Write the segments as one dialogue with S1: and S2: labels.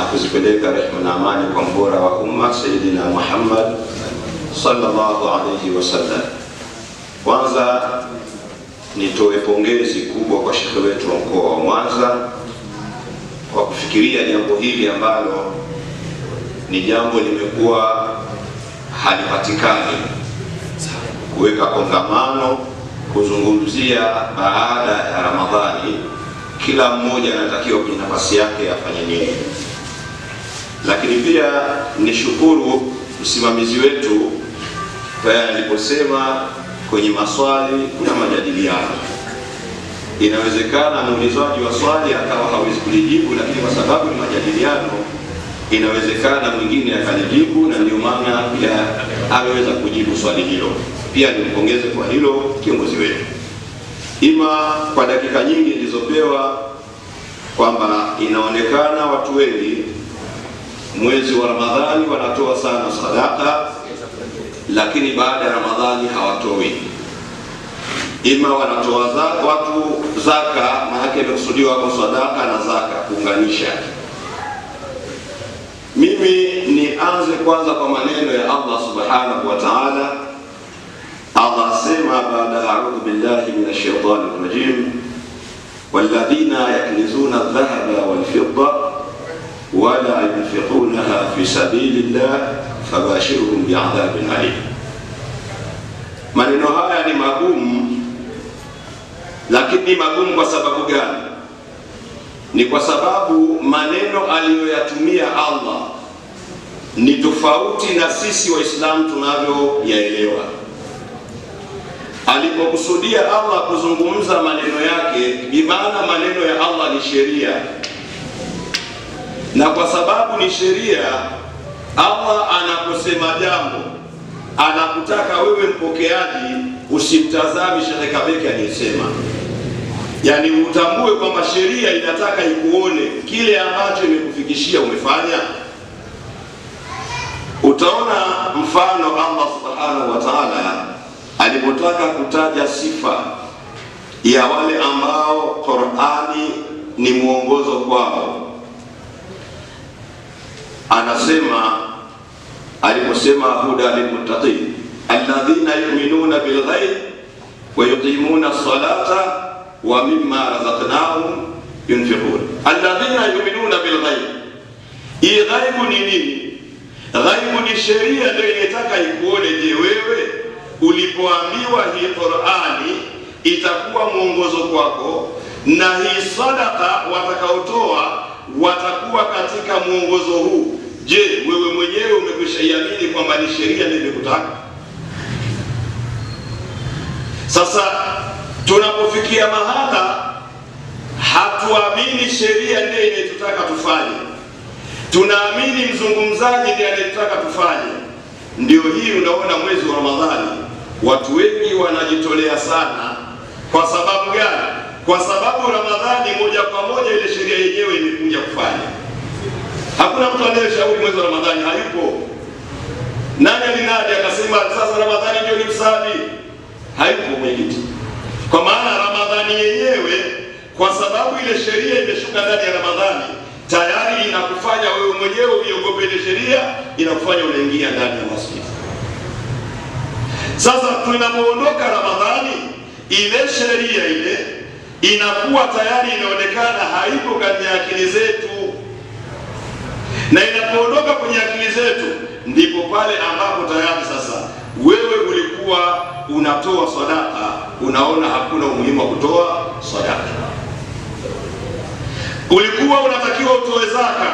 S1: na kuzipeleka rehma na amani kwa mbora wa umma Sayyidina Muhammad sallallahu alayhi wasallam. Kwanza nitoe pongezi kubwa kwa shekhe wetu wa mkoa wa Mwanza kwa kufikiria jambo hili ambalo ni jambo limekuwa halipatikani, kuweka kongamano kuzungumzia baada ya Ramadhani. Kila mmoja anatakiwa kwenye nafasi yake afanye nini. Lakini pia nishukuru msimamizi wetu pale aliposema kwenye maswali kuna majadiliano. Inawezekana muulizaji wa swali akawa hawezi kulijibu, lakini kwa sababu ni majadiliano, inawezekana mwingine akalijibu, na ndio maana pia ameweza kujibu swali hilo. Pia nimpongeze kwa hilo kiongozi wetu, ima kwa dakika nyingi ilizopewa, kwamba inaonekana watu wengi mwezi wa Ramadhani wanatoa sana sadaka, lakini baada ya Ramadhani hawatoi. Ima wanatoa zaka, watu zaka, maake imekusudiwa kwa sadaka na zaka kuunganisha. Mimi nianze kwanza kwa maneno ya Allah subhanahu wataala Allah asema baada, audhu billahi min shaitani rajim, walladhina yaknizuna dhahaba walfidda ولا ينفقونها في سبيل الله fabashirhum biadhabin alim. Maneno haya ni magumu, lakini ni magumu kwa sababu gani? Ni kwa sababu maneno aliyoyatumia Allah ni tofauti na sisi Waislamu tunavyoyaelewa. Alipokusudia Allah kuzungumza maneno yake, bimaana maneno ya Allah ni sheria na kwa sababu ni sheria. Allah anaposema jambo, anakutaka wewe mpokeaji usimtazami Shehe Kabeke aliyesema, yaani utambue kwamba sheria inataka ikuone kile ambacho imekufikishia umefanya. Utaona mfano Allah subhanahu wa ta'ala alipotaka kutaja sifa ya wale ambao Qur'ani ni mwongozo kwao anasema aliposema huda lilmuttaqin alladhina yu'minuna bilghaib wa yuqimuna salata wa mimma razaqnahum yunfiqun. Alladhina yu'minuna bilghaib, hii ghaibu ni nini? Ghaibu ni sheria ndio inataka ikuone. Je, wewe ulipoambiwa hii Qur'ani itakuwa mwongozo kwako na hii sadaka watakaotoa watakuwa katika mwongozo huu. Je, wewe mwenyewe umekwisha iamini kwamba ni sheria nimekutaka? Sasa tunapofikia mahala hatuamini sheria ndiye inayetutaka tufanye, tunaamini mzungumzaji ndiye anayetutaka tufanye. Ndio hii unaona mwezi wa Ramadhani watu wengi wanajitolea sana. Kwa sababu gani? kwa sababu Ramadhani moja kwa moja ile sheria yenyewe imekuja kufanya. Hakuna mtu anayeshauri mwezi wa Ramadhani, hayupo. Nani alinadi akasema sasa Ramadhani ndio ni msali? Hayupo mwenyekiti, kwa maana Ramadhani yenyewe kwa sababu ile sheria imeshuka ndani ya Ramadhani tayari inakufanya wewe mwenyewe uiogope ile sheria, inakufanya unaingia ndani ya masjid. Sasa tunapoondoka Ramadhani ile sheria ile inakuwa tayari inaonekana haipo kwenye akili zetu, na inapoondoka kwenye akili zetu ndipo pale ambapo tayari sasa wewe ulikuwa unatoa sadaka, unaona hakuna umuhimu wa kutoa sadaka. Ulikuwa unatakiwa utoe zaka,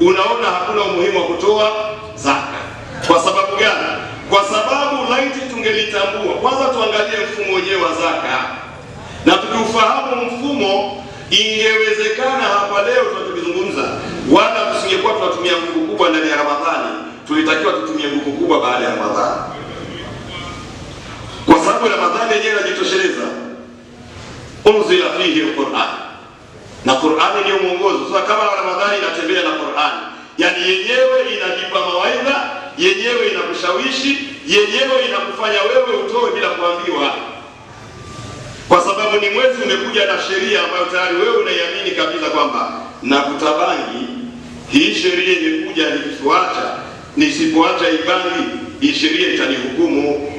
S1: unaona hakuna umuhimu wa kutoa zaka. Kwa sababu gani? Kwa sababu laiti tungelitambua kwanza, tuangalie mfumo wenyewe wa zaka na tukiufahamu mfumo, ingewezekana hapa leo tunachokizungumza, wala tusingekuwa tunatumia nguvu kubwa ndani ya Ramadhani. Tulitakiwa tutumie nguvu kubwa baada ya Ramadhani, kwa sababu Ramadhani yenyewe inajitosheleza, unzila fihi alquran, na Qurani ndio mwongozo. Sasa kama Ramadhani inatembea na Qurani, yani yenyewe inajipa mawaidha yenyewe inakushawishi yenyewe inakufanya wewe utoe bila kuambiwa sababu ni mwezi umekuja na sheria ambayo tayari wewe unaiamini kabisa kwamba na kutabangi hii sheria imekuja, nikifuacha nisipoacha ibangi hii sheria itanihukumu.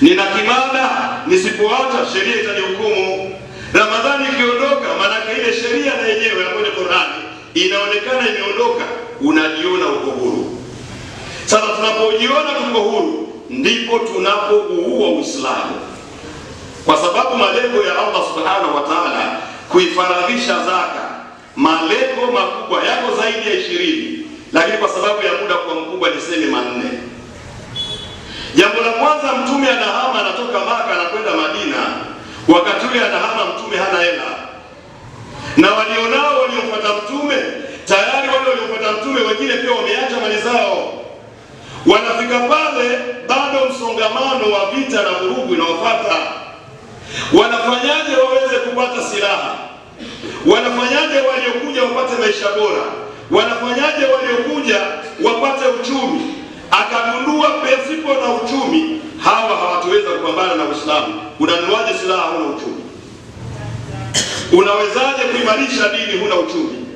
S1: Nina kimada, nisipoacha sheria itanihukumu. Ramadhani ikiondoka, maanake ile sheria na yenyewe ambayo ni Qur'ani inaonekana imeondoka, unajiona uko huru. Sasa tunapojiona tuko huru, ndipo tunapouua Uislamu kwa sababu malengo ya Allah subhanahu wa ta'ala kuifaradhisha zaka, malengo makubwa yako zaidi ya ishirini, lakini kwa sababu ya muda kwa mkubwa niseme manne. Jambo la kwanza, mtume anahama, anatoka Maka anakwenda Madina. Wakati ule anahama, mtume hana hela, na walionao waliomfuata mtume tayari, wale waliomfuata mtume wengine pia wameacha mali zao wanafika pale bado msongamano wa vita na vurugu inaofuata. Wanafanyaje waweze kupata silaha? Wanafanyaje waliokuja wapate maisha bora? Wanafanyaje waliokuja wapate uchumi? Akagundua pasipo na uchumi hawa hawatuweza kupambana na Uislamu. Unanuaje silaha huna uchumi? Unawezaje kuimarisha dini huna uchumi?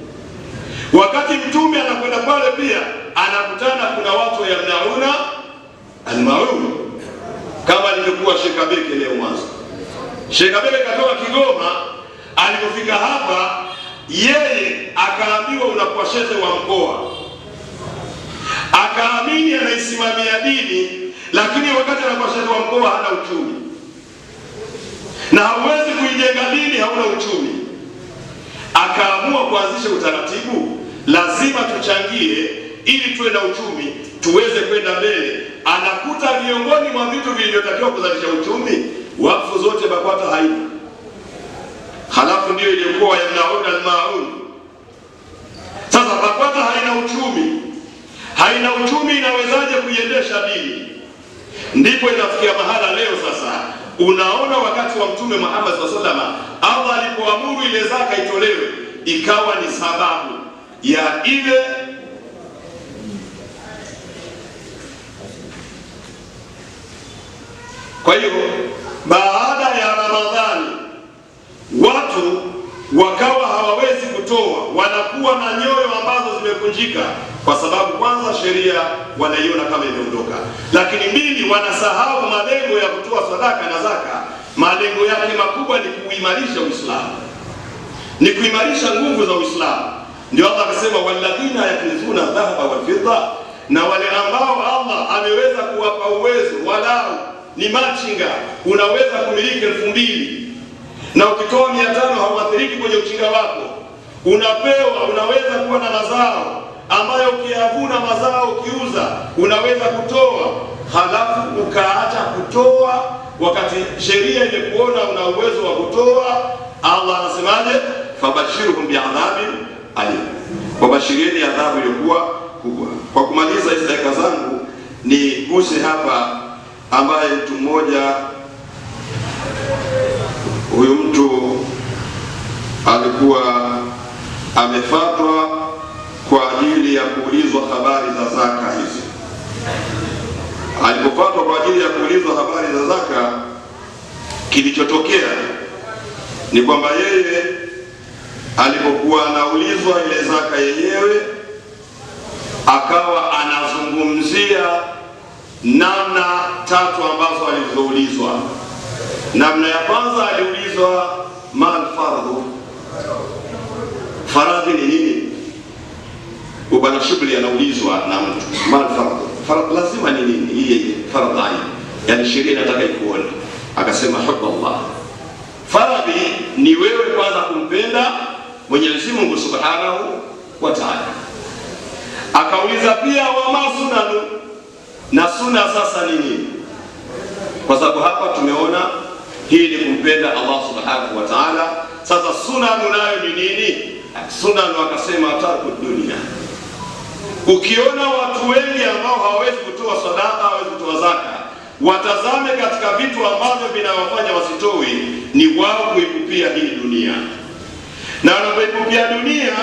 S1: Wakati mtume anakwenda pale, pia anakutana kuna watu yamnauna almaun, kama alivyokuwa shekabeke leo mwanzo Sheikh Abebe katoka Kigoma, alipofika hapa yeye akaambiwa unakuwa shehe wa mkoa, akaamini anaisimamia dini, lakini wakati anakuwa shehe wa mkoa hana uchumi, na hauwezi kuijenga dini hauna uchumi. Akaamua kuanzisha utaratibu, lazima tuchangie ili tuwe na uchumi, tuweze kwenda mbele. Anakuta miongoni mwa vitu vilivyotakiwa kuzalisha uchumi BAKWATA haina, halafu ndiyo iliyokuwa yamnauna almaun. Sasa BAKWATA haina uchumi, haina uchumi, inawezaje kuiendesha dini? Ndipo inafikia mahala leo sasa unaona wakati wa Mtume Muhammad saa salama Allah alipoamuru ile zaka itolewe, ikawa ni sababu ya ile kwa hiyo wakawa hawawezi kutoa, wanakuwa na nyoyo ambazo zimekunjika, kwa sababu kwanza sheria wanaiona kama imeondoka, lakini mbili, wanasahau malengo ya kutoa sadaka na zaka. Malengo yake makubwa ni kuimarisha Uislamu, ni kuimarisha nguvu za Uislamu. Ndio Allah akasema, walladhina yakunzuna dhahaba walfidda, na wale ambao Allah ameweza kuwapa uwezo, walau ni machinga, unaweza kumiliki elfu mbili na ukitoa mia tano hauathiriki kwenye uchinga wako, unapewa unaweza kuwa na mazao ambayo ukiyavuna mazao ukiuza, unaweza kutoa halafu ukaacha kutoa wakati sheria imekuona una uwezo wa kutoa. Allah anasemaje? fabashiruhum biadhabin alim, wabashirieni adhabu iliyokuwa kubwa. Kwa kumaliza hizi dakika zangu, ni guse hapa ambaye mtu mmoja alikuwa amefatwa kwa ajili ya kuulizwa habari za zaka hizi. Alipofatwa kwa ajili ya kuulizwa habari za zaka, kilichotokea ni kwamba yeye alipokuwa anaulizwa ile zaka yenyewe, akawa anazungumzia namna tatu ambazo alizoulizwa. Namna ya kwanza aliulizwa mal fardhu Faradhi ni nini? Bwana Shibli anaulizwa na mtu malfa, faradhi lazima ni nini? Hii faradhi yani sheria inataka ikuone, akasema hubba Allah. Faradhi ni wewe kwanza kumpenda Mwenyezi Mungu Subhanahu wa Ta'ala. Akauliza pia wa masunanu, na suna sasa ni nini? Kwa sababu hapa tumeona hii ni kumpenda Allah Subhanahu wa Ta'ala. Sasa sunanu nayo ni nini? Sudan wakasema tarku dunia. Ukiona watu wengi ambao hawawezi kutoa sadaka, hawawezi kutoa zaka, watazame katika vitu ambavyo vinawafanya wasitoi, ni wao kuipupia hii dunia. Na wanapoipupia dunia,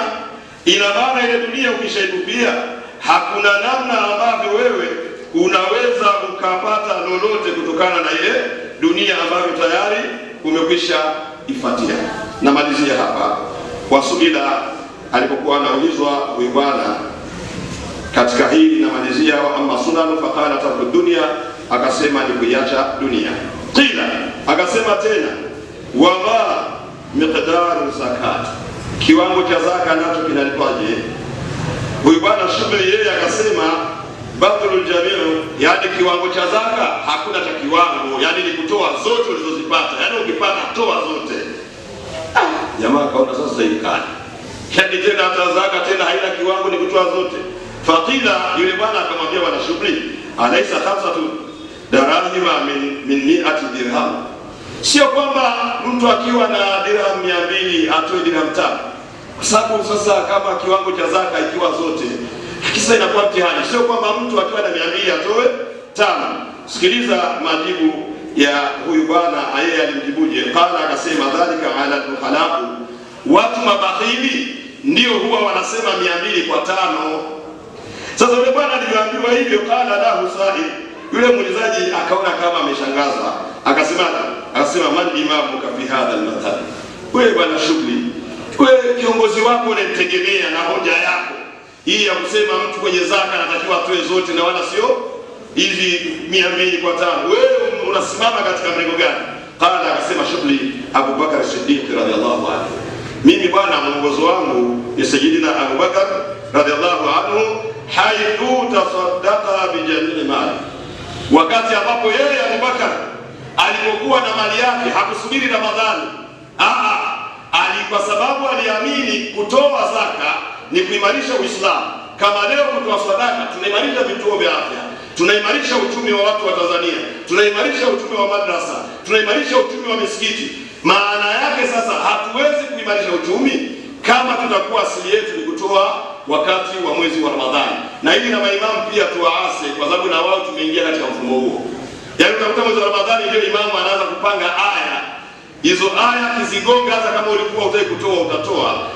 S1: ina maana ile dunia ukishaipupia, hakuna namna ambavyo wewe unaweza ukapata lolote kutokana na ile dunia ambayo tayari umekwisha ifatia. Namalizia hapa kwa subida alipokuwa anaulizwa bwana katika hili namalizia, wa amma sunanu faqala tarku dunya, akasema ni kuiacha dunia. Qila, akasema tena wama miqdaru zakat, kiwango cha zaka nacho kinalipaje? Huyu bwana shughuli yeye akasema badhlu jamiu, yani kiwango cha zaka hakuna cha kiwango, yani ni kutoa zote ulizozipata, yani ukipata toa zote jamaa kaona sasa ikali yani tena hata zaka tena haina kiwango, ni kutoa zote. Fakila yule bwana akamwambia bwana shughuli alaisa khamsatu darahima min, min miati dirham, sio kwamba mtu akiwa na dirham mia mbili atoe dirham tano kwa sababu sasa kama kiwango cha zaka ikiwa zote kisa inakuwa mtihani, sio kwamba mtu akiwa na mia mbili atoe tano. Sikiliza majibu ya huyu bwana yeye alimjibuje? Qala, akasema dhalika ala lbukhalau, watu mabakhili ndio huwa wanasema mia mbili kwa tano. Sasa yule bwana alivyoambiwa hivyo, qala lahu sahib yule muulizaji akaona kama ameshangaza akasema akasema man imamuka fi hadha lmadhhab, wewe bwana shughuli, wewe kiongozi wako unamtegemea na hoja yako hii ya kusema mtu kwenye zaka anatakiwa atoe zote na wala sio hivi mia mbili kwa tano wewe unasimama katika mrengo gani? Qala, akasema shughuli Abubakar Siddiq radhiallahu anhu, mimi bwana mwongozo wangu ni sayidina Abubakar radhiallahu anhu, haithu tasaddaqa bi jamii mali, wakati ambapo yeye Abubakar alipokuwa na mali yake hakusubiri Ramadhani. Aha, ali kwa sababu aliamini kutoa zaka ni kuimarisha Uislamu. Kama leo kutoa sadaka tunaimarisha vituo vya afya tunaimarisha uchumi wa watu wa Tanzania, tunaimarisha uchumi wa madrasa, tunaimarisha uchumi wa misikiti. Maana yake sasa, hatuwezi kuimarisha uchumi kama tutakuwa asili yetu ni kutoa wakati wa mwezi wa Ramadhani, na hili na maimamu pia tuwaase, kwa sababu na wao tumeingia katika mfumo huo. Yaani utakuta mwezi wa Ramadhani ndio imamu anaanza kupanga aya hizo, aya kizigonga, hata kama ulikuwa utaki kutoa utatoa.